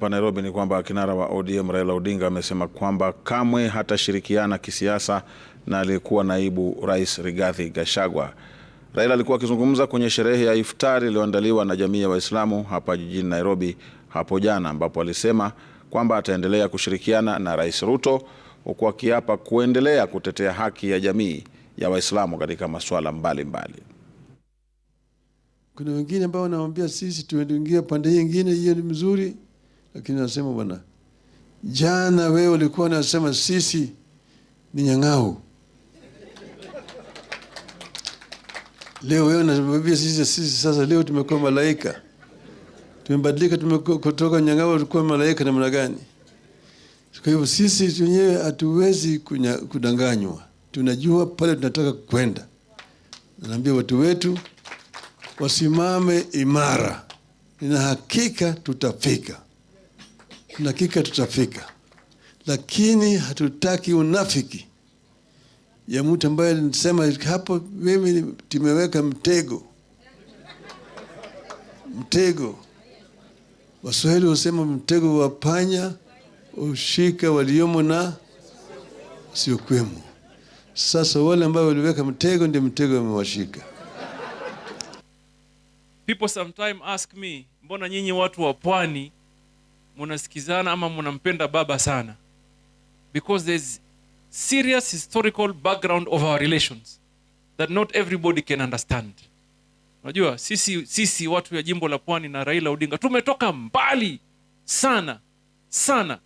Pa Nairobi ni kwamba kinara wa ODM Raila Odinga amesema kwamba kamwe hatashirikiana kisiasa na aliyekuwa naibu rais Rigathi Gachagua. Raila alikuwa akizungumza kwenye sherehe ya iftari iliyoandaliwa na jamii ya Waislamu hapa jijini Nairobi hapo jana, ambapo alisema kwamba ataendelea kushirikiana na Rais Ruto huku akiapa kuendelea kutetea haki ya jamii ya Waislamu katika masuala mbalimbali mbali. Kuna wengine ambao wanaambia sisi tuingie pande nyingine, hiyo ni mzuri lakini nasema bwana, jana wewe ulikuwa unasema sisi ni nyang'au, leo wewe unaambia sisi, sisi sasa leo tumekuwa malaika, tumebadilika, tumekutoka nyang'au tukuwa malaika namna gani? Kwa hivyo sisi wenyewe hatuwezi kudanganywa, tunajua pale tunataka kwenda. Naambia watu wetu wasimame imara, nina hakika tutafika tuna hakika tutafika, lakini hatutaki unafiki ya mtu ambaye alisema hapo, mimi tumeweka mtego, mtego. Waswahili husema mtego wa panya ushika waliomo na siokwemo. Sasa wale ambao waliweka mtego ndio mtego wamewashika People sometimes ask me, mbona nyinyi watu wa pwani mnasikizana ama munampenda baba sana because there's serious historical background of our relations that not everybody can understand unajua sisi, sisi watu ya jimbo la pwani na raila odinga tumetoka mbali sana sana